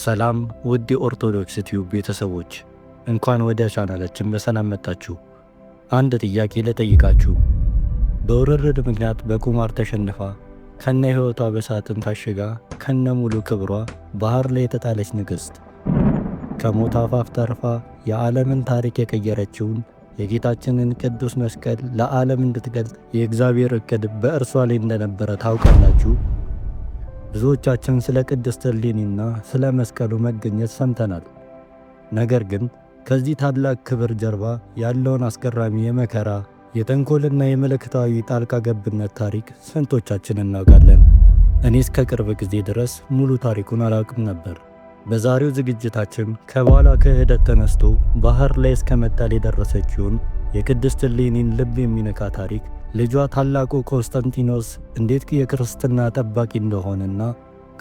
ሰላም ውድ የኦርቶዶክስ ቲዩብ ቤተሰቦች እንኳን ወደ ቻናላችን በሰላም መጣችሁ። አንድ ጥያቄ ልጠይቃችሁ። በውርርድ ምክንያት በቁማር ተሸንፋ ከነ ሕይወቷ በሳጥን ታሽጋ ከነ ሙሉ ክብሯ ባህር ላይ የተጣለች ንግሥት ከሞት አፋፍ ተርፋ የዓለምን ታሪክ የቀየረችውን የጌታችንን ቅዱስ መስቀል ለዓለም እንድትገልጥ የእግዚአብሔር እቅድ በእርሷ ላይ እንደነበረ ታውቃላችሁ? ብዙዎቻችን ስለ ቅድስት እሌኒና ስለ መስቀሉ መገኘት ሰምተናል። ነገር ግን ከዚህ ታላቅ ክብር ጀርባ ያለውን አስገራሚ የመከራ የተንኮልና የመለከታዊ ጣልቃ ገብነት ታሪክ ስንቶቻችን እናውቃለን? እኔ እስከ ቅርብ ጊዜ ድረስ ሙሉ ታሪኩን አላውቅም ነበር። በዛሬው ዝግጅታችን ከባሏ ክህደት ተነስቶ ባህር ላይ እስከ መጣል የደረሰችውን የቅድስት ሌኒን ልብ የሚነካ ታሪክ ልጇ ታላቁ ኮንስታንቲኖስ እንዴት የክርስትና ጠባቂ እንደሆነና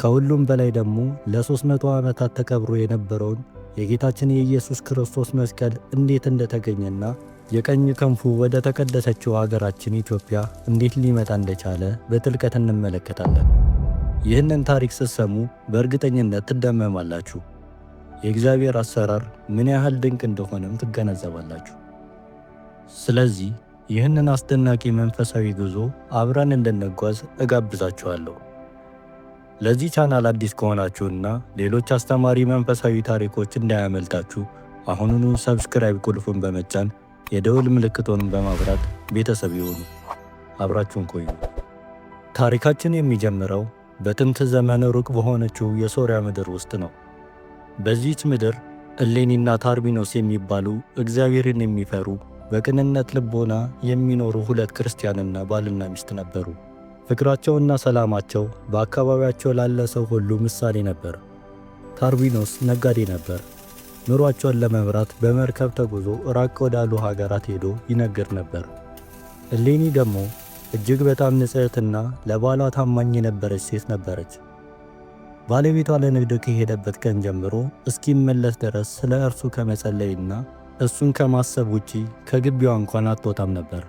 ከሁሉም በላይ ደግሞ ለ300 ዓመታት ተቀብሮ የነበረውን የጌታችን የኢየሱስ ክርስቶስ መስቀል እንዴት እንደተገኘና የቀኝ ክንፉ ወደ ተቀደሰችው አገራችን ኢትዮጵያ እንዴት ሊመጣ እንደቻለ በጥልቀት እንመለከታለን። ይህንን ታሪክ ስትሰሙ በእርግጠኝነት ትደመማላችሁ። የእግዚአብሔር አሰራር ምን ያህል ድንቅ እንደሆነም ትገነዘባላችሁ። ስለዚህ ይህንን አስደናቂ መንፈሳዊ ጉዞ አብረን እንድንጓዝ እጋብዛችኋለሁ። ለዚህ ቻናል አዲስ ከሆናችሁና ሌሎች አስተማሪ መንፈሳዊ ታሪኮች እንዳያመልጣችሁ አሁኑኑ ሰብስክራይብ ቁልፉን በመጫን የደውል ምልክቶንም በማብራት ቤተሰብ ይሁኑ። አብራችሁን ቆዩ። ታሪካችን የሚጀምረው በጥንት ዘመን ሩቅ በሆነችው የሶርያ ምድር ውስጥ ነው። በዚህች ምድር እሌኒና ታርቢኖስ የሚባሉ እግዚአብሔርን የሚፈሩ በቅንነት ልቦና የሚኖሩ ሁለት ክርስቲያንና ባልና ሚስት ነበሩ። ፍቅራቸውና ሰላማቸው በአካባቢያቸው ላለ ሰው ሁሉ ምሳሌ ነበር። ታርቢኖስ ነጋዴ ነበር። ኑሯቸውን ለመምራት በመርከብ ተጉዞ ራቅ ወዳሉ ሀገራት ሄዶ ይነግር ነበር። እሌኒ ደግሞ እጅግ በጣም ንጽሕትና ለባሏ ታማኝ የነበረች ሴት ነበረች። ባለቤቷ ለንግድ ከሄደበት ቀን ጀምሮ እስኪመለስ ድረስ ስለ እርሱ ከመጸለይና እሱን ከማሰብ ውጪ ከግቢዋ እንኳን አትወጣም ነበር።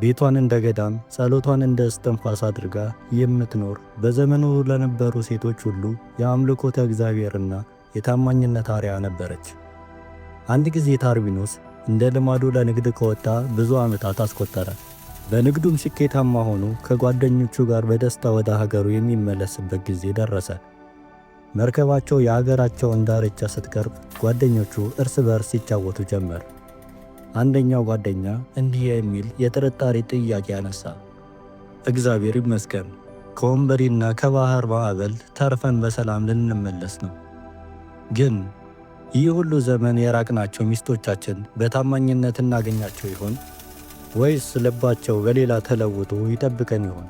ቤቷን እንደ ገዳም ጸሎቷን እንደ እስትንፋስ አድርጋ የምትኖር በዘመኑ ለነበሩ ሴቶች ሁሉ የአምልኮተ እግዚአብሔርና የታማኝነት አርያ ነበረች። አንድ ጊዜ ታርቢኖስ እንደ ልማዱ ለንግድ ከወጣ ብዙ ዓመታት አስቆጠረ። በንግዱም ስኬታማ ሆኖ ከጓደኞቹ ጋር በደስታ ወደ ሀገሩ የሚመለስበት ጊዜ ደረሰ። መርከባቸው የአገራቸውን ዳርቻ ስትቀርብ ጓደኞቹ እርስ በርስ ይጫወቱ ጀመር። አንደኛው ጓደኛ እንዲህ የሚል የጥርጣሬ ጥያቄ አነሳ። እግዚአብሔር ይመስገን ከወንበዴና ከባህር ማዕበል ተርፈን በሰላም ልንመለስ ነው። ግን ይህ ሁሉ ዘመን የራቅናቸው ሚስቶቻችን በታማኝነት እናገኛቸው ይሆን ወይስ ልባቸው በሌላ ተለውጦ ይጠብቀን ይሆን?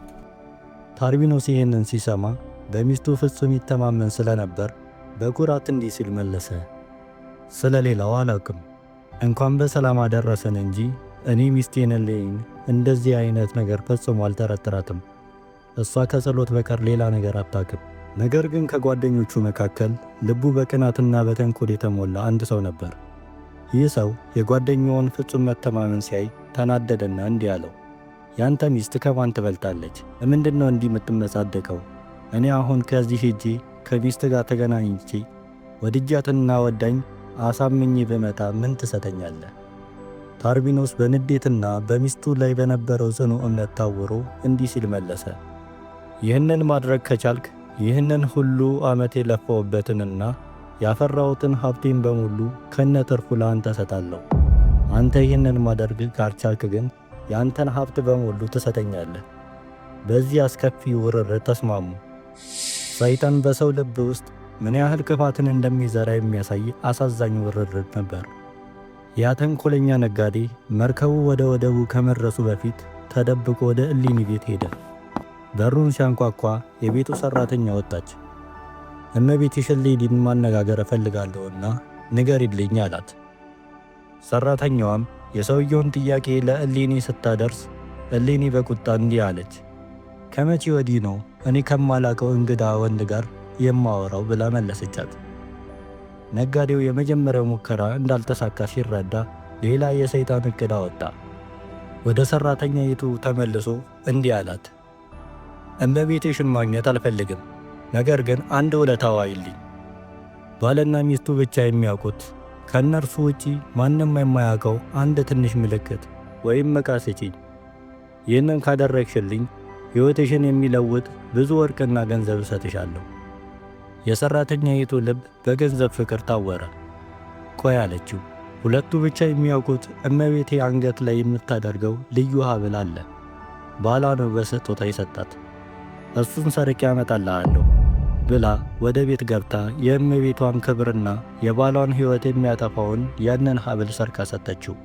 ታርቢኖስ ይህንን ሲሰማ በሚስቱ ፍጹም ይተማመን ስለነበር በኩራት እንዲህ ሲል መለሰ፣ ስለ ሌላው አላውቅም፣ እንኳን በሰላም አደረሰን እንጂ እኔ ሚስቴን እሌኝ እንደዚህ አይነት ነገር ፈጽሞ አልጠረጥራትም። እሷ ከጸሎት በቀር ሌላ ነገር አታውቅም። ነገር ግን ከጓደኞቹ መካከል ልቡ በቅናትና በተንኮል የተሞላ አንድ ሰው ነበር። ይህ ሰው የጓደኛውን ፍጹም መተማመን ሲያይ ተናደደና እንዲህ አለው፣ ያንተ ሚስት ከማን ትበልጣለች? ለምንድን ነው እንዲህ የምትመጻደቀው? እኔ አሁን ከዚህ ሄጄ ከሚስት ጋር ተገናኝቼ ወድጃትና ወዳኝ አሳምኜ ብመጣ ምን ትሰጠኛለህ? ታርቢኖስ በንዴትና በሚስቱ ላይ በነበረው ጽኑ እምነት ታውሮ እንዲህ ሲል መለሰ። ይህንን ማድረግ ከቻልክ ይህንን ሁሉ ዓመት የለፈውበትንና ያፈራሁትን ሀብቴን በሙሉ ከነ ትርፉ ለአንተ እሰጣለሁ። አንተ ይህንን ማድረግ ካልቻልክ ግን ያንተን ሀብት በሙሉ ትሰጠኛለህ። በዚህ አስከፊ ውርር ተስማሙ። ሰይጣን በሰው ልብ ውስጥ ምን ያህል ክፋትን እንደሚዘራ የሚያሳይ አሳዛኝ ውርርድ ነበር። ያ ተንኮለኛ ነጋዴ መርከቡ ወደ ወደቡ ከመድረሱ በፊት ተደብቆ ወደ እሊኒ ቤት ሄደ። በሩን ሲያንኳኳ የቤቱ ሰራተኛ ወጣች። እመቤትሽ እሌኒን ማነጋገር እፈልጋለሁና ንገሪልኝ አላት። ሰራተኛዋም የሰውየውን ጥያቄ ለእሊኒ ስታደርስ እሊኒ በቁጣ እንዲህ አለች፣ ከመቼ ወዲህ ነው እኔ ከማላቀው እንግዳ ወንድ ጋር የማወራው ብላ መለሰቻት። ነጋዴው የመጀመሪያው ሙከራ እንዳልተሳካ ሲረዳ ሌላ የሰይጣን እቅድ አወጣ። ወደ ሰራተኛይቱ ተመልሶ እንዲህ አላት፣ እመቤቴሽን ማግኘት አልፈልግም፣ ነገር ግን አንድ ውለታ ዋይልኝ። ባልና ሚስቱ ብቻ የሚያውቁት ከእነርሱ ውጪ ማንም የማያውቀው አንድ ትንሽ ምልክት ወይም ዕቃ ስጪኝ። ይህንን ካደረግሽልኝ ሕይወትሽን የሚለውጥ ብዙ ወርቅና ገንዘብ እሰጥሻለሁ። የሠራተኛይቱ ልብ በገንዘብ ፍቅር ታወረ። ቆይ አለችው፣ ሁለቱ ብቻ የሚያውቁት እመቤቴ አንገት ላይ የምታደርገው ልዩ ሐብል አለ። ባሏ ነው በስጦታ ይሰጣት። እሱን ሰርቄ አመጣልሃለሁ ብላ ወደ ቤት ገብታ የእመቤቷን ክብርና የባሏን ሕይወት የሚያጠፋውን ያንን ሐብል ሰርቃ ሰጠችው።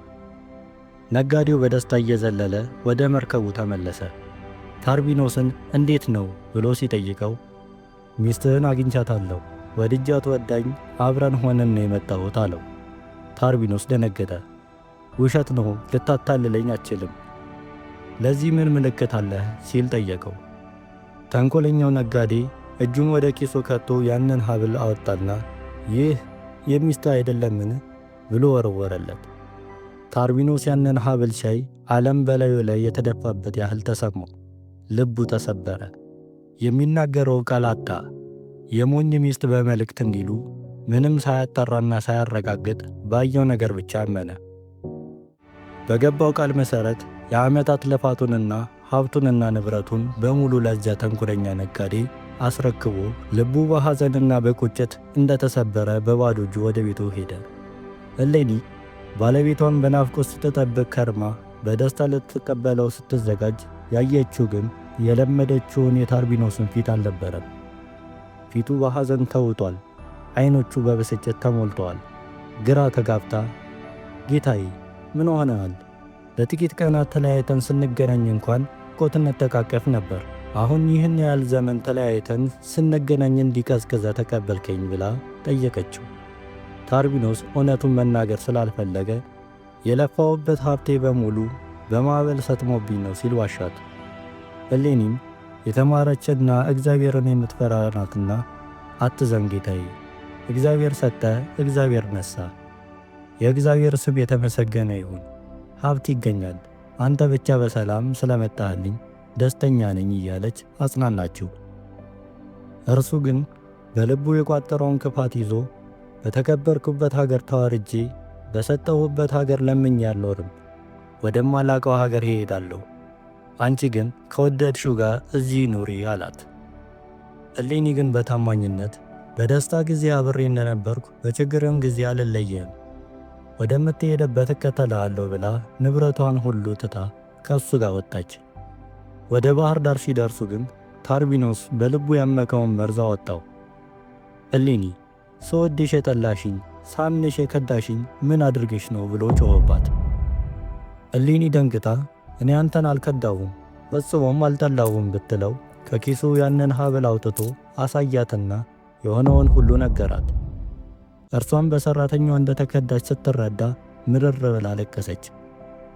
ነጋዴው በደስታ እየዘለለ ወደ መርከቡ ተመለሰ። ታርቢኖስን እንዴት ነው ብሎ ሲጠይቀው ሚስትህን አግኝቻታለሁ፣ ወድጃት ወዳኝ አብረን ሆነን ነው የመጣሁት አለው። ታርቢኖስ ደነገጠ። ውሸት ነው፣ ልታታልለኝ አትችልም። ለዚህ ምን ምልክት አለህ ሲል ጠየቀው። ተንኮለኛው ነጋዴ እጁን ወደ ኪሱ ከቶ ያንን ሀብል አወጣና ይህ የሚስትህ አይደለምን ብሎ ወረወረለት። ታርቢኖስ ያንን ሀብል ሲያይ ዓለም በላዩ ላይ የተደፋበት ያህል ተሰማው። ልቡ ተሰበረ፣ የሚናገረው ቃል አጣ። የሞኝ ሚስት በመልእክት እንዲሉ ምንም ሳያጣራና ሳያረጋግጥ ባየው ነገር ብቻ አመነ። በገባው ቃል መሠረት የዓመታት ልፋቱንና ሀብቱንና ንብረቱን በሙሉ ለዚያ ተንኩረኛ ነጋዴ አስረክቦ ልቡ በሐዘንና በቁጭት እንደተሰበረ በባዶ እጁ ወደ ቤቱ ሄደ። እሌኒ ባለቤቷን በናፍቆት ስትጠብቅ ከርማ በደስታ ልትቀበለው ስትዘጋጅ ያየችው ግን የለመደችውን የታርቢኖስን ፊት አልነበረም። ፊቱ በሐዘን ተውጧል፣ ዐይኖቹ በብስጭት ተሞልተዋል። ግራ ተጋብታ ጌታዬ ምን ሆነሃል? ለጥቂት ቀናት ተለያይተን ስንገናኝ እንኳን ቆትነት ተቃቀፍ ነበር አሁን ይህን ያህል ዘመን ተለያይተን ስንገናኝ እንዲቀዝቅዘ ተቀበልከኝ ብላ ጠየቀችው። ታርቢኖስ እውነቱን መናገር ስላልፈለገ የለፋውበት ሀብቴ በሙሉ በማዕበል ሰጥሞብኝ ነው ሲል ዋሻት። እሌኒም የተማረችና እግዚአብሔርን የምትፈራ ናትና አትዘን ጌታዬ፣ እግዚአብሔር ሰጠ፣ እግዚአብሔር ነሳ፣ የእግዚአብሔር ስም የተመሰገነ ይሁን፣ ሀብት ይገኛል፣ አንተ ብቻ በሰላም ስለመጣህልኝ ደስተኛ ነኝ እያለች አጽናናችው። እርሱ ግን በልቡ የቋጠረውን ክፋት ይዞ በተከበርኩበት ሀገር ተዋርጄ በሰጠሁበት ሀገር ለምኜ አልኖርም ወደማላቀው ሀገር ይሄዳለሁ አንቺ ግን ከወደድሽው ጋር እዚህ ኑሪ አላት። እሌኒ ግን በታማኝነት በደስታ ጊዜ አብሬ እንደነበርኩ በችግርም ጊዜ አልለየም፣ ወደምትሄደበት እከተልሃለሁ ብላ ንብረቷን ሁሉ ትታ ከሱ ጋር ወጣች። ወደ ባህር ዳር ሲደርሱ ግን ታርቢኖስ በልቡ ያመከውን መርዝ አወጣው። እሌኒ ስወድሽ የጠላሽኝ ሳምንሽ የከዳሽኝ ምን አድርገሽ ነው ብሎ ጮኸባት። እሊኒ ደንግጣ እኔ አንተን አልከዳውም ፈጽሞም አልጠላውም ብትለው ከኪሱ ያንን ሀብል አውጥቶ አሳያትና የሆነውን ሁሉ ነገራት። እርሷም በሰራተኛዋ እንደተከዳች ስትረዳ ምርር ብላ ለቀሰች።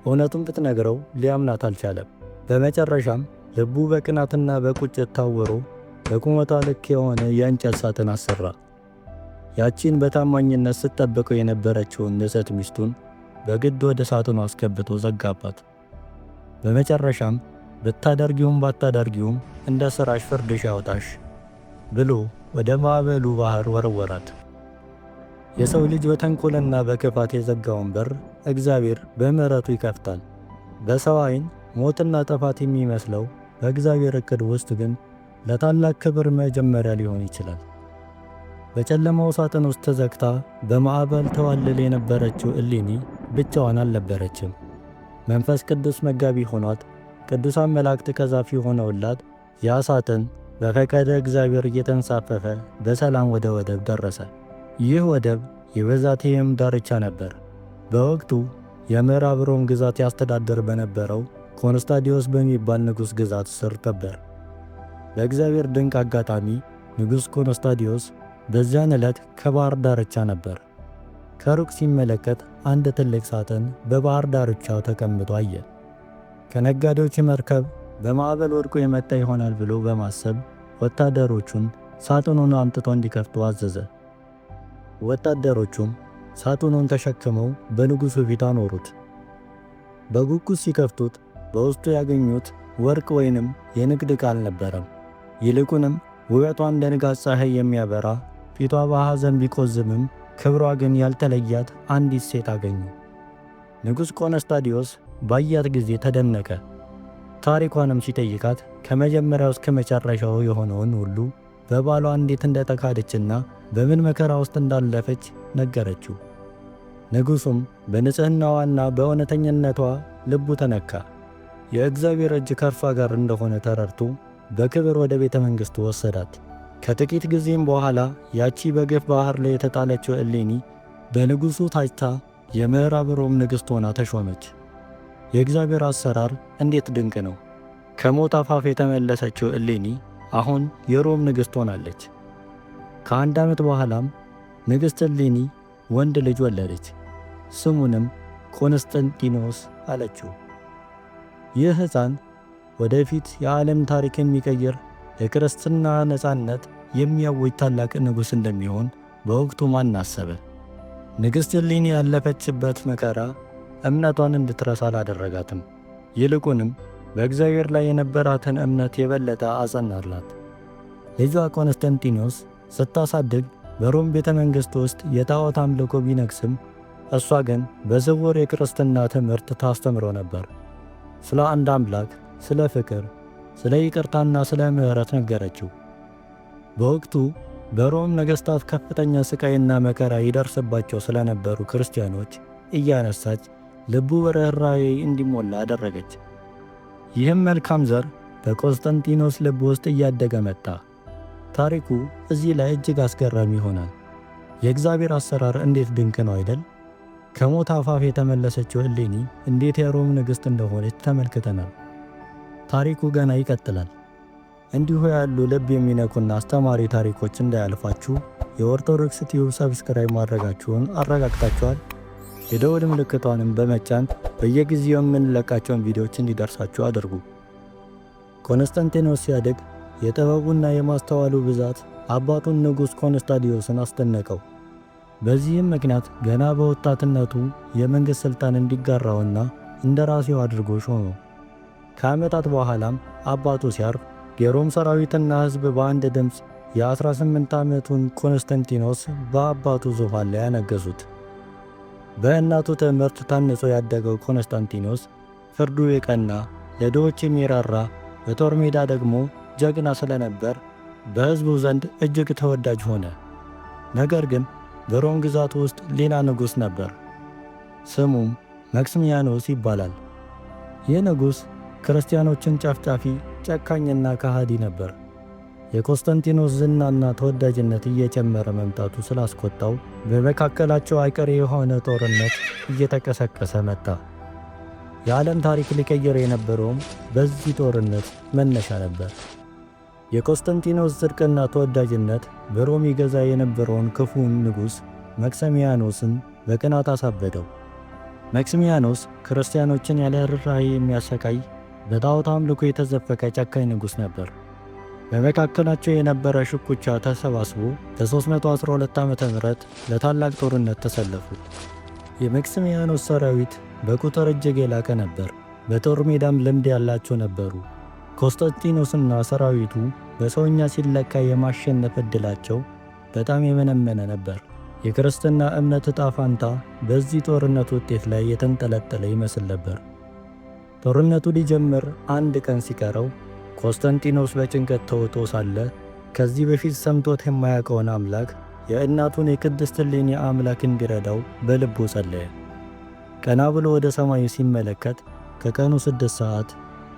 እውነቱን ብትነግረው ሊያምናት አልቻለም። በመጨረሻም ልቡ በቅናትና በቁጭት ታወሮ በቁመቷ ልክ የሆነ የእንጨት ሳጥን አሰራ። ያቺን በታማኝነት ስትጠብቀው የነበረችውን ንሰት ሚስቱን በግድ ወደ ሳጥኑ አስገብቶ ዘጋባት። በመጨረሻም ብታደርጊውም ባታደርጊውም እንደ ስራሽ ፍርድሽ ያወጣሽ ብሎ ወደ ማዕበሉ ባህር ወረወራት። የሰው ልጅ በተንኮልና በክፋት የዘጋውን በር እግዚአብሔር በምሕረቱ ይከፍታል። በሰው ዓይን ሞትና ጥፋት የሚመስለው በእግዚአብሔር እቅድ ውስጥ ግን ለታላቅ ክብር መጀመሪያ ሊሆን ይችላል። በጨለማው ሳጥን ውስጥ ተዘግታ በማዕበል ተዋልል የነበረችው እሊኒ ብቻዋን አልነበረችም። መንፈስ ቅዱስ መጋቢ ሆኗት ቅዱሳን መላእክት ከዛፊ ሆነውላት ያ ሳጥን በፈቀደ እግዚአብሔር እየተንሳፈፈ በሰላም ወደ ወደብ ደረሰ። ይህ ወደብ የቤዛልሔም ዳርቻ ነበር። በወቅቱ የምዕራብ ሮም ግዛት ያስተዳደር በነበረው ኮንስታዲዮስ በሚባል ንጉሥ ግዛት ስር ነበር። በእግዚአብሔር ድንቅ አጋጣሚ ንጉሥ ኮንስታዲዮስ በዚያን ዕለት ከባህር ዳርቻ ነበር። ከሩቅ ሲመለከት አንድ ትልቅ ሳጥን በባህር ዳርቻው ተቀምጦ አየ። ከነጋዴዎች መርከብ በማዕበል ወድቆ የመጣ ይሆናል ብሎ በማሰብ ወታደሮቹን ሳጥኑን አምጥቶ እንዲከፍቱ አዘዘ። ወታደሮቹም ሳጥኑን ተሸክመው በንጉሡ ፊት አኖሩት። በጉጉት ሲከፍቱት በውስጡ ያገኙት ወርቅ ወይንም የንግድ ዕቃ አልነበረም። ይልቁንም ውበቷ እንደ ንጋት ፀሐይ የሚያበራ ፊቷ በሐዘን ቢቆዝምም ክብሯ ግን ያልተለያት አንዲት ሴት አገኙ። ንጉሥ ቆነስታዲዮስ ባያት ጊዜ ተደነቀ። ታሪኳንም ሲጠይቃት ከመጀመሪያው እስከ መጨረሻው የሆነውን ሁሉ በባሏ እንዴት እንደተካደችና በምን መከራ ውስጥ እንዳለፈች ነገረችው። ንጉሡም በንጽሕናዋና በእውነተኝነቷ ልቡ ተነካ። የእግዚአብሔር እጅ ከእርሷ ጋር እንደሆነ ተረድቶ በክብር ወደ ቤተ መንግሥቱ ወሰዳት። ከጥቂት ጊዜም በኋላ ያቺ በገፍ ባህር ላይ የተጣለችው እሌኒ በንጉሡ ታጭታ የምዕራብ ሮም ንግሥት ሆና ተሾመች። የእግዚአብሔር አሰራር እንዴት ድንቅ ነው! ከሞት አፋፍ የተመለሰችው እሌኒ አሁን የሮም ንግሥት ሆናለች። ከአንድ ዓመት በኋላም ንግሥት እሌኒ ወንድ ልጅ ወለደች። ስሙንም ቆንስጠንጢኖስ አለችው። ይህ ሕፃን ወደፊት የዓለም ታሪክ የሚቀይር የክርስትና ነፃነት የሚያውጅ ታላቅ ንጉሥ እንደሚሆን በወቅቱ ማን አሰበ? ንግሥት እሌኒ ያለፈችበት መከራ እምነቷን እንድትረሳ አላደረጋትም። ይልቁንም በእግዚአብሔር ላይ የነበራትን እምነት የበለጠ አጸናላት። ልጇ ቆንስታንቲኖስ ስታሳድግ በሮም ቤተ መንግሥት ውስጥ የጣዖት አምልኮ ቢነግስም እሷ ግን በዝውር የክርስትና ትምህርት ታስተምሮ ነበር። ስለ አንድ አምላክ፣ ስለ ፍቅር፣ ስለ ይቅርታና ስለ ምሕረት ነገረችው። በወቅቱ በሮም ነገሥታት ከፍተኛ ሥቃይና መከራ ይደርስባቸው ስለነበሩ ክርስቲያኖች እያነሳች ልቡ በርኅራኄ እንዲሞላ አደረገች። ይህም መልካም ዘር በቆስጠንጢኖስ ልብ ውስጥ እያደገ መጣ። ታሪኩ እዚህ ላይ እጅግ አስገራሚ ይሆናል። የእግዚአብሔር አሰራር እንዴት ድንቅ ነው አይደል? ከሞት አፋፍ የተመለሰችው እሌኒ እንዴት የሮም ንግሥት እንደሆነች ተመልክተናል። ታሪኩ ገና ይቀጥላል። እንዲሁ ያሉ ልብ የሚነኩና አስተማሪ ታሪኮች እንዳያልፋችሁ የኦርቶዶክስ ቲዩብ ሰብስክራይብ ማድረጋችሁን አረጋግጣችኋል። የደወል ምልክቷንም በመጫን በየጊዜው የምንለቃቸውን ቪዲዮዎች እንዲደርሳችሁ አድርጉ። ኮንስታንቲኖስ ሲያድግ የጥበቡና የማስተዋሉ ብዛት አባቱን ንጉሥ ኮንስታዲዮስን አስደነቀው። በዚህም ምክንያት ገና በወጣትነቱ የመንግሥት ሥልጣን እንዲጋራውና እንደ ራሴው አድርጎ ሾመው። ከዓመታት በኋላም አባቱ ሲያርፍ የሮም ሰራዊትና ሕዝብ በአንድ ድምፅ የ18 ዓመቱን ቆንስታንቲኖስ በአባቱ ዙፋን ላይ ያነገሱት። በእናቱ ትምህርት ታንጾ ያደገው ቆንስታንቲኖስ ፍርዱ የቀና ለድሆች የሚራራ በጦር ሜዳ ደግሞ ጀግና ስለነበር በሕዝቡ ዘንድ እጅግ ተወዳጅ ሆነ። ነገር ግን በሮም ግዛት ውስጥ ሌላ ንጉሥ ነበር። ስሙም መክስሚያኖስ ይባላል። ይህ ንጉሥ ክርስቲያኖችን ጨፍጫፊ፣ ጨካኝና ከሃዲ ነበር። የኮንስታንቲኖስ ዝናና ተወዳጅነት እየጨመረ መምጣቱ ስላስቆጣው በመካከላቸው አይቀሬ የሆነ ጦርነት እየተቀሰቀሰ መጣ። የዓለም ታሪክ ሊቀየር የነበረውም በዚህ ጦርነት መነሻ ነበር። የኮንስታንቲኖስ ጽድቅና ተወዳጅነት በሮም ይገዛ የነበረውን ክፉን ንጉሥ መክሰሚያኖስን በቅናት አሳበደው። መክሲሚያኖስ ክርስቲያኖችን ያለ ርኅራኄ የሚያሰቃይ በጣዖት አምልኮ የተዘፈቀ ጨካኝ ንጉሥ ነበር። በመካከላቸው የነበረ ሽኩቻ ተሰባስቦ በ312 ዓ ም ለታላቅ ጦርነት ተሰለፉ። የመክስሚያኖስ ሰራዊት በቁጥር እጅግ የላቀ ነበር። በጦር ሜዳም ልምድ ያላቸው ነበሩ። ኮንስታንቲኖስና ሰራዊቱ በሰውኛ ሲለካ የማሸነፍ ዕድላቸው በጣም የመነመነ ነበር። የክርስትና እምነት ዕጣ ፋንታ በዚህ ጦርነት ውጤት ላይ የተንጠለጠለ ይመስል ነበር። ጦርነቱ ሊጀምር አንድ ቀን ሲቀረው ኮንስታንቲኖስ በጭንቀት ተውጦ ሳለ ከዚህ በፊት ሰምቶት የማያውቀውን አምላክ የእናቱን የቅድስት እሌኒ አምላክ እንዲረዳው በልቡ ጸለየ። ቀና ብሎ ወደ ሰማዩ ሲመለከት ከቀኑ ስድስት ሰዓት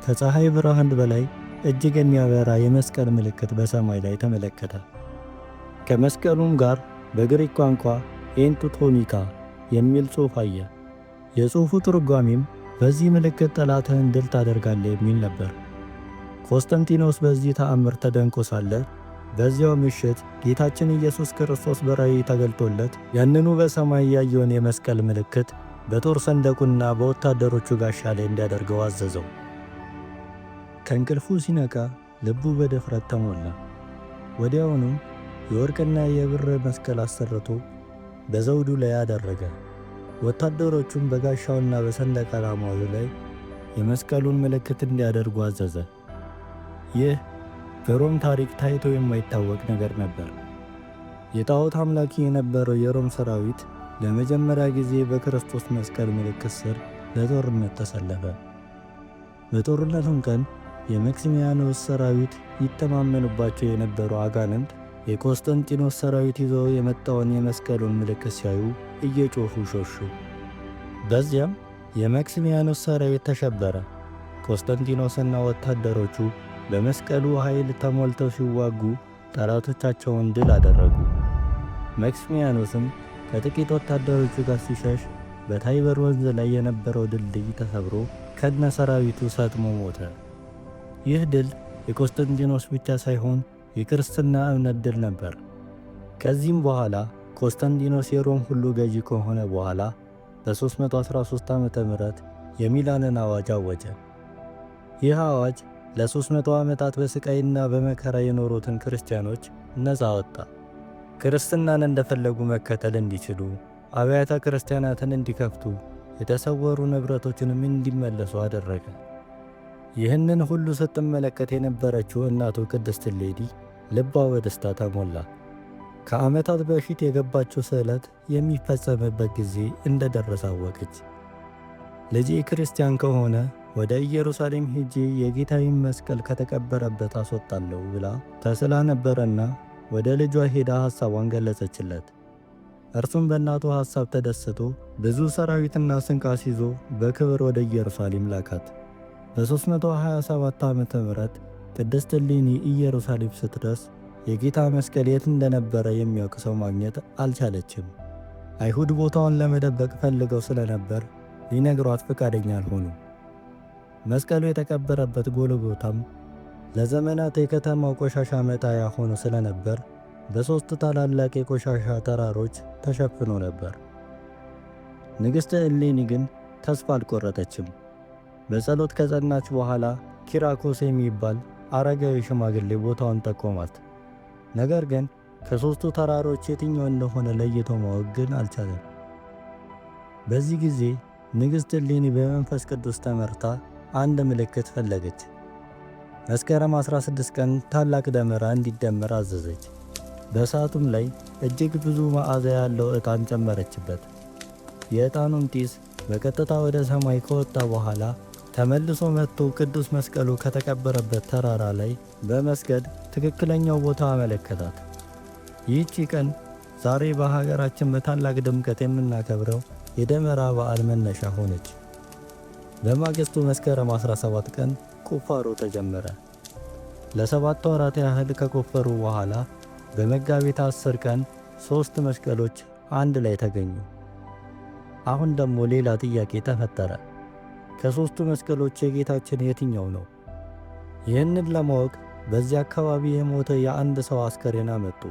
ከፀሐይ ብርሃን በላይ እጅግ የሚያበራ የመስቀል ምልክት በሰማይ ላይ ተመለከተ። ከመስቀሉም ጋር በግሪክ ቋንቋ ኤንቱቶኒካ የሚል ጽሑፍ አየ። የጽሑፉ ትርጓሜም በዚህ ምልክት ጠላትህን ድል ታደርጋለህ የሚል ነበር። ቆስጠንጢኖስ በዚህ ተአምር ተደንቆ ሳለ በዚያው ምሽት ጌታችን ኢየሱስ ክርስቶስ በራእይ ተገልጦለት ያንኑ በሰማይ ያየውን የመስቀል ምልክት በጦር ሰንደቁና በወታደሮቹ ጋሻ ላይ እንዲያደርገው አዘዘው። ከእንቅልፉ ሲነቃ ልቡ በድፍረት ተሞላ። ወዲያውኑም የወርቅና የብር መስቀል አሰርቶ በዘውዱ ላይ አደረገ። ወታደሮቹም በጋሻውና በሰንደቅ ዓላማው ላይ የመስቀሉን ምልክት እንዲያደርጉ አዘዘ። ይህ በሮም ታሪክ ታይቶ የማይታወቅ ነገር ነበር። የጣዖት አምላኪ የነበረው የሮም ሰራዊት ለመጀመሪያ ጊዜ በክርስቶስ መስቀል ምልክት ስር ለጦርነት ተሰለፈ። በጦርነቱም ቀን የመክሲሚያኖስ ሰራዊት ይተማመኑባቸው የነበሩ አጋንንት የቆስጠንጢኖስ ሰራዊት ይዞ የመጣውን የመስቀሉን ምልክት ሲያዩ እየጮኹ ሾሹ። በዚያም የመክሲሚያኖስ ሰራዊት ተሸበረ። ቆስጠንጢኖስና ወታደሮቹ በመስቀሉ ኃይል ተሞልተው ሲዋጉ ጠላቶቻቸውን ድል አደረጉ። መክሲሚያኖስም ከጥቂት ወታደሮቹ ጋር ሲሸሽ በታይበር ወንዝ ላይ የነበረው ድልድይ ተሰብሮ ከነ ሰራዊቱ ሰጥሞ ሞተ። ይህ ድል የቆስጠንጢኖስ ብቻ ሳይሆን የክርስትና እምነት ድል ነበር። ከዚህም በኋላ ኮንስታንቲኖስ የሮም ሁሉ ገዢ ከሆነ በኋላ በ313 ዓ ም የሚላንን አዋጅ አወጀ። ይህ አዋጅ ለ300 ዓመታት በሥቃይና በመከራ የኖሩትን ክርስቲያኖች ነፃ አወጣ። ክርስትናን እንደፈለጉ መከተል እንዲችሉ፣ አብያተ ክርስቲያናትን እንዲከፍቱ፣ የተሰወሩ ንብረቶችንም እንዲመለሱ አደረገ። ይህንን ሁሉ ስትመለከት የነበረችው እናቱ ቅድስት ሌዲ ልቧ በደስታ ተሞላ። ከዓመታት በፊት የገባችው ስዕለት የሚፈጸምበት ጊዜ እንደደረሰ አወቀች። ልጄ ክርስቲያን ከሆነ ወደ ኢየሩሳሌም ሄጄ የጌታዬን መስቀል ከተቀበረበት አስወጣለሁ ብላ ተስላ ነበረና ወደ ልጇ ሄዳ ሐሳቧን ገለጸችለት። እርሱም በእናቱ ሐሳብ ተደስቶ ብዙ ሰራዊትና ስንቅ አስይዞ በክብር ወደ ኢየሩሳሌም ላካት። በ327 ም ቅድስት የኢየሩሳሌም ኢየሩሳሌም ስትደርስ የጌታ መስቀል የት እንደነበረ የሚያውቅ ሰው ማግኘት አልቻለችም። አይሁድ ቦታውን ለመደበቅ ፈልገው ስለነበር ሊነግሯት ፈቃደኛ አልሆኑ። መስቀሉ የተቀበረበት ጎልጎታም ለዘመናት የከተማው ቆሻሻ መጣያ ሆኖ ስለነበር በሦስት ታላላቅ የቆሻሻ ተራሮች ተሸፍኖ ነበር። ንግሥት እሌኒ ግን ተስፋ አልቆረጠችም። በጸሎት ከጸናች በኋላ ኪራኮስ የሚባል አረጋዊ ሽማግሌ ቦታውን ጠቆማት። ነገር ግን ከሦስቱ ተራሮች የትኛው እንደሆነ ለይቶ ማወቅ ግን አልቻለም። በዚህ ጊዜ ንግሥት እሌኒ በመንፈስ ቅዱስ ተመርታ አንድ ምልክት ፈለገች። መስከረም 16 ቀን ታላቅ ደመራ እንዲደመር አዘዘች። በሰዓቱም ላይ እጅግ ብዙ መዓዛ ያለው ዕጣን ጨመረችበት። የዕጣኑም ጢስ በቀጥታ ወደ ሰማይ ከወጣ በኋላ ተመልሶ መጥቶ ቅዱስ መስቀሉ ከተቀበረበት ተራራ ላይ በመስገድ ትክክለኛው ቦታ አመለከታት። ይህቺ ቀን ዛሬ በሀገራችን በታላቅ ድምቀት የምናከብረው የደመራ በዓል መነሻ ሆነች። በማግስቱ መስከረም 17 ቀን ቁፋሮ ተጀመረ። ለሰባት ወራት ያህል ከቆፈሩ በኋላ በመጋቢት 10 ቀን ሦስት መስቀሎች አንድ ላይ ተገኙ። አሁን ደግሞ ሌላ ጥያቄ ተፈጠረ። ከሦስቱ መስቀሎች የጌታችን የትኛው ነው? ይህንን ለማወቅ በዚያ አካባቢ የሞተ የአንድ ሰው አስከሬን አመጡ።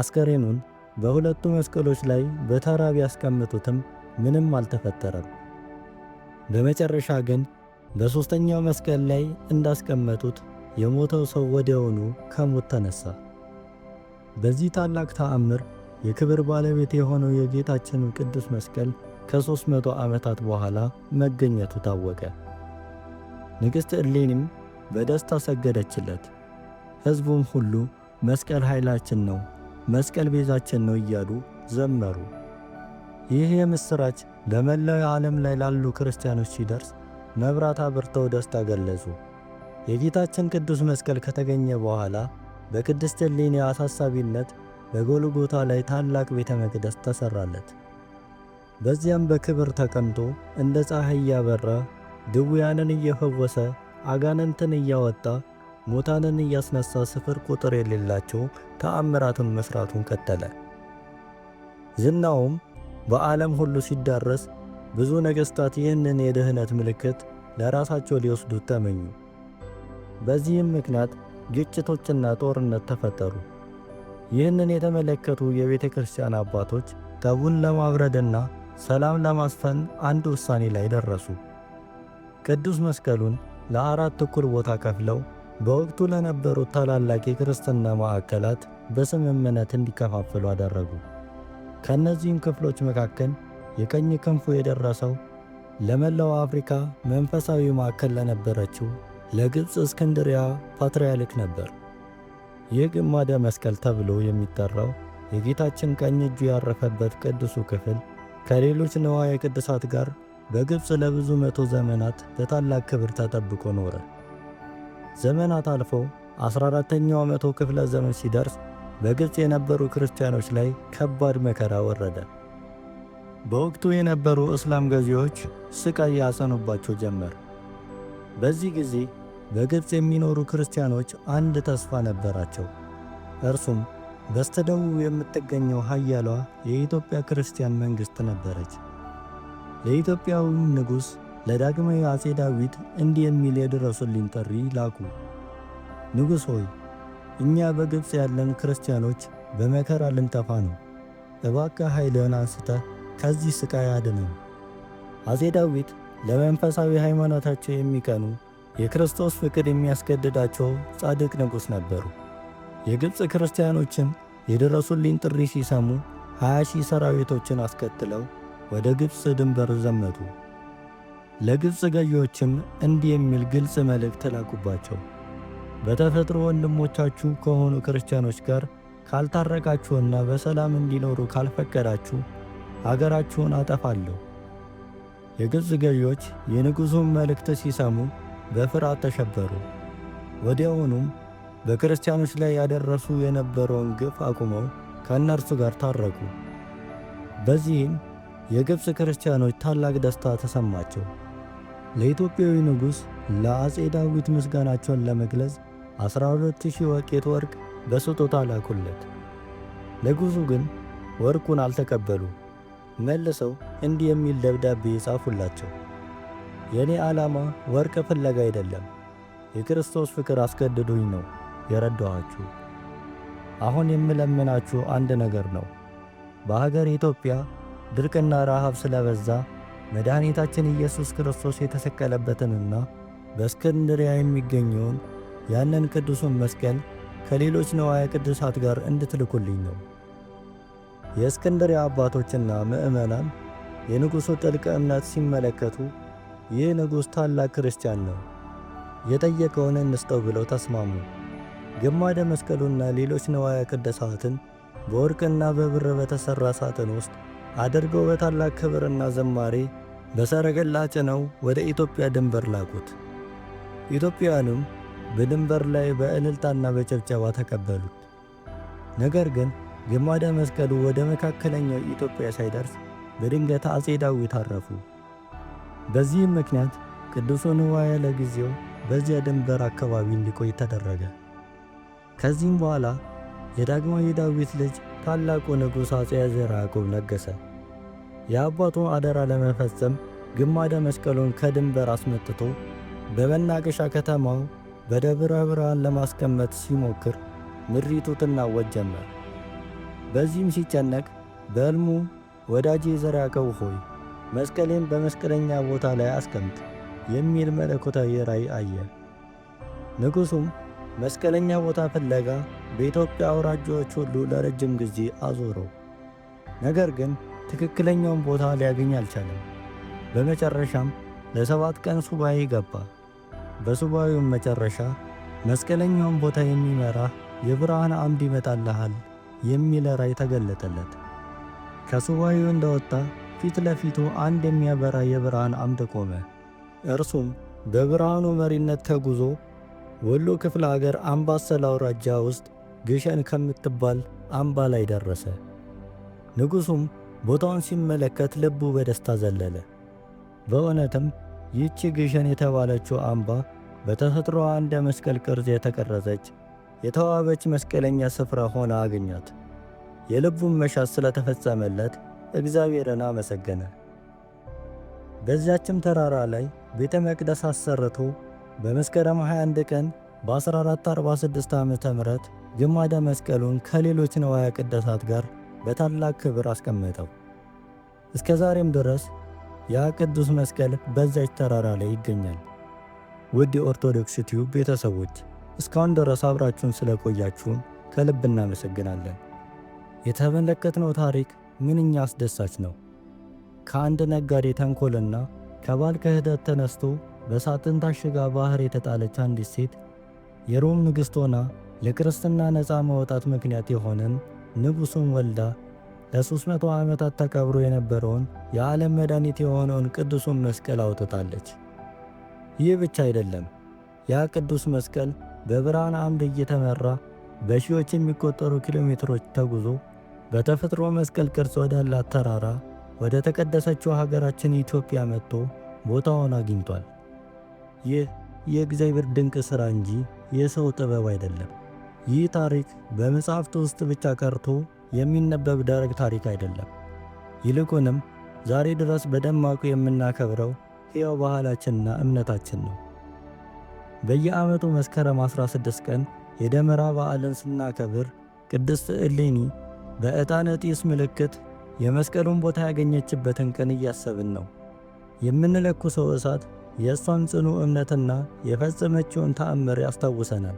አስከሬኑን በሁለቱ መስቀሎች ላይ በተራ ቢያስቀምጡትም ምንም አልተፈጠረም። በመጨረሻ ግን በሦስተኛው መስቀል ላይ እንዳስቀመጡት የሞተው ሰው ወዲያውኑ ከሞት ተነሳ። በዚህ ታላቅ ተአምር የክብር ባለቤት የሆነው የጌታችን ቅዱስ መስቀል ከ300 ዓመታት በኋላ መገኘቱ ታወቀ። ንግሥት እሌኒም በደስታ ሰገደችለት። ሕዝቡም ሁሉ መስቀል ኃይላችን ነው፣ መስቀል ቤዛችን ነው እያሉ ዘመሩ። ይህ የምሥራች በመላው ዓለም ላይ ላሉ ክርስቲያኖች ሲደርስ መብራት አብርተው ደስታ ገለጹ። የጌታችን ቅዱስ መስቀል ከተገኘ በኋላ በቅድስት ዕሌኒ አሳሳቢነት በጎልጎታ ላይ ታላቅ ቤተ መቅደስ ተሠራለት። በዚያም በክብር ተቀምጦ እንደ ፀሐይ እያበራ ድውያንን እየፈወሰ አጋንንትን እያወጣ ሙታንን እያስነሳ ስፍር ቁጥር የሌላቸው ተአምራትን መስራቱን ቀጠለ። ዝናውም በዓለም ሁሉ ሲዳረስ ብዙ ነገሥታት ይህንን የድኅነት ምልክት ለራሳቸው ሊወስዱት ተመኙ። በዚህም ምክንያት ግጭቶችና ጦርነት ተፈጠሩ። ይህንን የተመለከቱ የቤተ ክርስቲያን አባቶች ጠቡን ለማብረድና ሰላም ለማስፈን አንድ ውሳኔ ላይ ደረሱ። ቅዱስ መስቀሉን ለአራት እኩል ቦታ ከፍለው በወቅቱ ለነበሩት ታላላቅ የክርስትና ማዕከላት በስምምነት እንዲከፋፈሉ አደረጉ። ከእነዚህም ክፍሎች መካከል የቀኝ ክንፉ የደረሰው ለመላው አፍሪካ መንፈሳዊ ማዕከል ለነበረችው ለግብፅ እስክንድሪያ ፓትርያርክ ነበር። ይህ ግማደ መስቀል ተብሎ የሚጠራው የጌታችን ቀኝ እጁ ያረፈበት ቅዱሱ ክፍል ከሌሎች ንዋየ ቅድሳት ጋር በግብፅ ለብዙ መቶ ዘመናት በታላቅ ክብር ተጠብቆ ኖረ። ዘመናት አልፈው 14ኛው መቶ ክፍለ ዘመን ሲደርስ በግብፅ የነበሩ ክርስቲያኖች ላይ ከባድ መከራ ወረደ። በወቅቱ የነበሩ እስላም ገዢዎች ስቃይ ያጸኑባቸው ጀመር። በዚህ ጊዜ በግብፅ የሚኖሩ ክርስቲያኖች አንድ ተስፋ ነበራቸው፣ እርሱም በስተደቡብ የምትገኘው ሀያሏ የኢትዮጵያ ክርስቲያን መንግሥት ነበረች። ለኢትዮጵያዊ ንጉሥ ለዳግማዊ አጼ ዳዊት እንዲህ የሚል የድረሱልኝ ጥሪ ላኩ። ንጉሥ ሆይ እኛ በግብፅ ያለን ክርስቲያኖች በመከራ ልንጠፋ ነው። እባክህ ኃይልህን አንስተህ ከዚህ ሥቃይ አድነን። አጼ ዳዊት ለመንፈሳዊ ሃይማኖታቸው የሚቀኑ የክርስቶስ ፍቅር የሚያስገድዳቸው ጻድቅ ንጉሥ ነበሩ። የግብፅ ክርስቲያኖችም የደረሱልኝ ጥሪ ሲሰሙ ሀያ ሺህ ሰራዊቶችን አስከትለው ወደ ግብፅ ድንበር ዘመቱ። ለግብፅ ገዢዎችም እንዲህ የሚል ግልጽ መልእክት ላኩባቸው። በተፈጥሮ ወንድሞቻችሁ ከሆኑ ክርስቲያኖች ጋር ካልታረቃችሁና በሰላም እንዲኖሩ ካልፈቀዳችሁ አገራችሁን አጠፋለሁ። የግብፅ ገዢዎች የንጉሡን መልእክት ሲሰሙ በፍርሃት ተሸበሩ። ወዲያውኑም በክርስቲያኖች ላይ ያደረሱ የነበረውን ግፍ አቁመው ከእነርሱ ጋር ታረቁ። በዚህም የግብፅ ክርስቲያኖች ታላቅ ደስታ ተሰማቸው። ለኢትዮጵያዊ ንጉሥ ለአፄ ዳዊት ምስጋናቸውን ለመግለጽ 12000 ወቄት ወርቅ በስጦታ ላኩለት። ንጉሡ ግን ወርቁን አልተቀበሉ። መልሰው እንዲህ የሚል ደብዳቤ ጻፉላቸው። የእኔ ዓላማ ወርቅ ፍለጋ አይደለም፣ የክርስቶስ ፍቅር አስገድዶኝ ነው። የረዳኋችሁ። አሁን የምለምናችሁ አንድ ነገር ነው። በሀገር ኢትዮጵያ ድርቅና ረሃብ ስለበዛ መድኃኒታችን ኢየሱስ ክርስቶስ የተሰቀለበትንና በእስክንድሪያ የሚገኘውን ያንን ቅዱሱን መስቀል ከሌሎች ንዋየ ቅዱሳት ጋር እንድትልኩልኝ ነው። የእስክንድሪያ አባቶችና ምዕመናን የንጉሡ ጥልቅ እምነት ሲመለከቱ ይህ ንጉሥ ታላቅ ክርስቲያን ነው፣ የጠየቀውን እንስጠው ብለው ተስማሙ። ግማደ መስቀሉና ሌሎች ንዋየ ቅድሳትን በወርቅና በብር በተሠራ ሳጥን ውስጥ አድርገው በታላቅ ክብርና ዘማሬ በሰረገላ ጭነው ወደ ኢትዮጵያ ድንበር ላኩት። ኢትዮጵያውያኑም በድንበር ላይ በእልልታና በጭብጨባ ተቀበሉት። ነገር ግን ግማደ መስቀሉ ወደ መካከለኛው ኢትዮጵያ ሳይደርስ በድንገት አፄ ዳዊት አረፉ። በዚህም ምክንያት ቅዱሱ ንዋየ ለጊዜው በዚያ ድንበር አካባቢ እንዲቆይ ተደረገ። ከዚህም በኋላ የዳግማዊ የዳዊት ልጅ ታላቁ ንጉሥ አፄ ዘርዓ ያዕቆብ ነገሠ። የአባቱ አደራ ለመፈጸም ግማደ መስቀሉን ከድንበር አስመጥቶ በመናገሻ ከተማው በደብረ ብርሃን ለማስቀመጥ ሲሞክር ምሪቱ ትናወጥ ጀመር። በዚህም ሲጨነቅ በሕልሙ ወዳጄ ዘርዓ ያዕቆብ ሆይ መስቀሌን በመስቀለኛ ቦታ ላይ አስቀምጥ የሚል መለኮታዊ ራእይ አየ። ንጉሡም መስቀለኛ ቦታ ፍለጋ በኢትዮጵያ አውራጃዎች ሁሉ ለረጅም ጊዜ አዞረው። ነገር ግን ትክክለኛውን ቦታ ሊያገኝ አልቻለም። በመጨረሻም ለሰባት ቀን ሱባኤ ገባ። በሱባኤውም መጨረሻ መስቀለኛውን ቦታ የሚመራ የብርሃን አምድ ይመጣልሃል የሚል ራእይ ተገለጠለት። ከሱባኤው እንደወጣ ፊት ለፊቱ አንድ የሚያበራ የብርሃን አምድ ቆመ። እርሱም በብርሃኑ መሪነት ተጉዞ ወሎ ክፍለ ሀገር አምባሰል አውራጃ ውስጥ ግሸን ከምትባል አምባ ላይ ደረሰ። ንጉሡም ቦታውን ሲመለከት ልቡ በደስታ ዘለለ። በእውነትም ይህቺ ግሸን የተባለችው አምባ በተፈጥሮዋ እንደ መስቀል ቅርጽ የተቀረጸች የተዋበች መስቀለኛ ስፍራ ሆና አገኛት። የልቡን መሻት ስለተፈጸመለት እግዚአብሔርን አመሰገነ። በዚያችም ተራራ ላይ ቤተ መቅደስ አሰርቶ በመስከረም 21 ቀን በ1446 ዓ ም ግማደ መስቀሉን ከሌሎች ንዋያ ቅደሳት ጋር በታላቅ ክብር አስቀመጠው። እስከ ዛሬም ድረስ ያ ቅዱስ መስቀል በዛች ተራራ ላይ ይገኛል። ውድ የኦርቶዶክስ ቲዩብ ቤተሰቦች እስካሁን ድረስ አብራችሁን ስለቆያችሁን ከልብ እናመሰግናለን። የተመለከትነው ታሪክ ምንኛ አስደሳች ነው! ከአንድ ነጋዴ ተንኮልና ከባል ክህደት ተነስቶ በሳጥን ታሽጋ ባህር የተጣለች አንዲት ሴት የሮም ንግሥት ሆና ለክርስትና ነፃ መውጣት ምክንያት የሆነን ንጉሡን ወልዳ ለ300 ዓመታት ተቀብሮ የነበረውን የዓለም መድኃኒት የሆነውን ቅዱሱን መስቀል አውጥታለች። ይህ ብቻ አይደለም። ያ ቅዱስ መስቀል በብርሃን አምድ እየተመራ በሺዎች የሚቆጠሩ ኪሎ ሜትሮች ተጉዞ በተፈጥሮ መስቀል ቅርጽ ወዳላት ተራራ ወደ ተቀደሰችው ሀገራችን ኢትዮጵያ መጥቶ ቦታውን አግኝቷል። ይህ የእግዚአብሔር ድንቅ ሥራ እንጂ የሰው ጥበብ አይደለም። ይህ ታሪክ በመጽሐፍት ውስጥ ብቻ ቀርቶ የሚነበብ ደረቅ ታሪክ አይደለም። ይልቁንም ዛሬ ድረስ በደማቁ የምናከብረው ሕያው ባህላችንና እምነታችን ነው። በየዓመቱ መስከረም 16 ቀን የደመራ በዓልን ስናከብር ቅድስት እሌኒ በዕጣነ ጢስ ምልክት የመስቀሉን ቦታ ያገኘችበትን ቀን እያሰብን ነው። የምንለኩሰው እሳት የእሷን ጽኑ እምነትና የፈጸመችውን ተአምር ያስታውሰናል።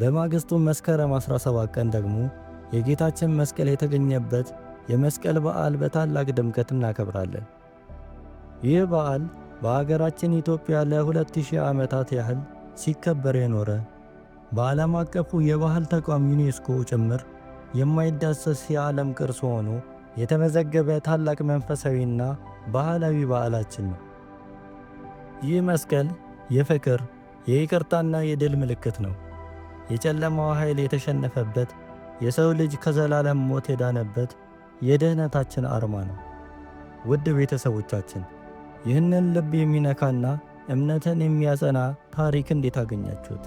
በማግስቱ መስከረም 17 ቀን ደግሞ የጌታችን መስቀል የተገኘበት የመስቀል በዓል በታላቅ ድምቀት እናከብራለን። ይህ በዓል በአገራችን ኢትዮጵያ ለ 2000 ዓመታት ያህል ሲከበር የኖረ በዓለም አቀፉ የባህል ተቋም ዩኔስኮ ጭምር የማይዳሰስ የዓለም ቅርስ ሆኖ የተመዘገበ ታላቅ መንፈሳዊና ባህላዊ በዓላችን ነው። ይህ መስቀል የፍቅር የይቅርታና የድል ምልክት ነው። የጨለማው ኃይል የተሸነፈበት፣ የሰው ልጅ ከዘላለም ሞት የዳነበት የደህነታችን አርማ ነው። ውድ ቤተሰቦቻችን ይህንን ልብ የሚነካና እምነትን የሚያጸና ታሪክ እንዴት አገኛችሁት?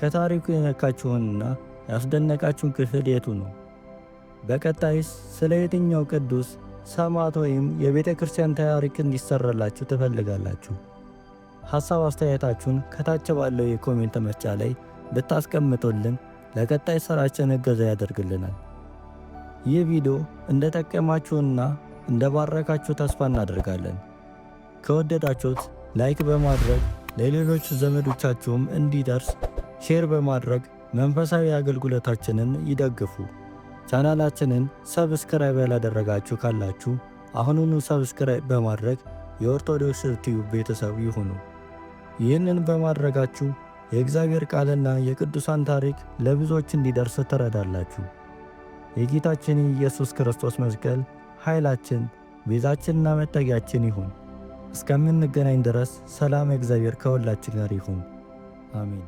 ከታሪኩ የነካችሁንና ያስደነቃችሁን ክፍል የቱ ነው? በቀጣይስ ስለ የትኛው ቅዱስ ሰማዕት ወይም የቤተ ክርስቲያን ታሪክ እንዲሰራላችሁ ትፈልጋላችሁ? ሐሳብ አስተያየታችሁን ከታች ባለው የኮሜንት መስጫ ላይ ብታስቀምጡልን ለቀጣይ ስራችን እገዛ ያደርግልናል። ይህ ቪዲዮ እንደጠቀማችሁና እንደባረካችሁ ተስፋ እናደርጋለን። ከወደዳችሁት ላይክ በማድረግ ለሌሎች ዘመዶቻችሁም እንዲደርስ ሼር በማድረግ መንፈሳዊ አገልግሎታችንን ይደግፉ። ቻናላችንን ሰብስክራይብ ያላደረጋችሁ ካላችሁ አሁኑኑ ሰብስክራይብ በማድረግ የኦርቶዶክስ ቲዩብ ቤተሰብ ይሁኑ። ይህንን በማድረጋችሁ የእግዚአብሔር ቃልና የቅዱሳን ታሪክ ለብዙዎች እንዲደርስ ትረዳላችሁ። የጌታችን የኢየሱስ ክርስቶስ መስቀል ኃይላችን፣ ቤዛችንና መጠጊያችን ይሁን። እስከምንገናኝ ድረስ ሰላም፣ እግዚአብሔር ከሁላችን ጋር ይሁን። አሜን።